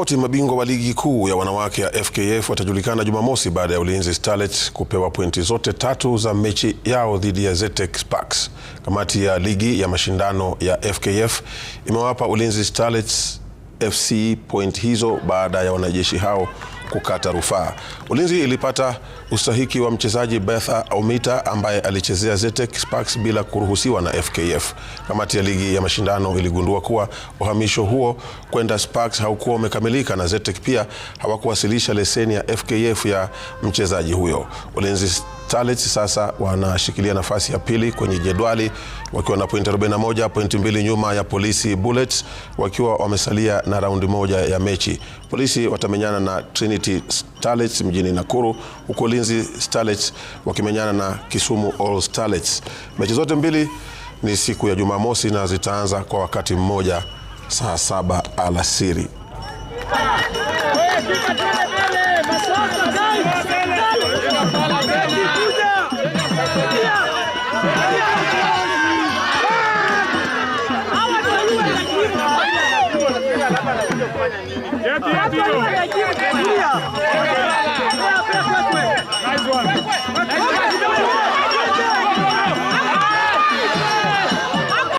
Wote mabingwa wa ligi kuu ya wanawake ya FKF watajulikana Jumamosi baada ya Ulinzi Starlets kupewa pointi zote tatu za mechi yao dhidi ya Zetex Sparks. Kamati ya ligi ya mashindano ya FKF imewapa Ulinzi Starlets FC point hizo baada ya wanajeshi hao kukata rufaa. Ulinzi ilipata ustahiki wa mchezaji betha Omita ambaye alichezea Zetek Sparks bila kuruhusiwa na FKF. Kamati ya ligi ya mashindano iligundua kuwa uhamisho huo kwenda Sparks haukuwa umekamilika na Zetek pia hawakuwasilisha leseni ya FKF ya mchezaji huyo. Ulinzi Starlets sasa wanashikilia nafasi ya pili kwenye jedwali wakiwa na pointi 41, pointi mbili nyuma ya Polisi Bullets wakiwa wamesalia na raundi moja ya mechi. Polisi watamenyana na Trinity Starlets mjini Nakuru, huku Ulinzi Starlets wakimenyana na Kisumu All Starlets. Mechi zote mbili ni siku ya Jumamosi na zitaanza kwa wakati mmoja saa saba alasiri. Eti, eti, né? é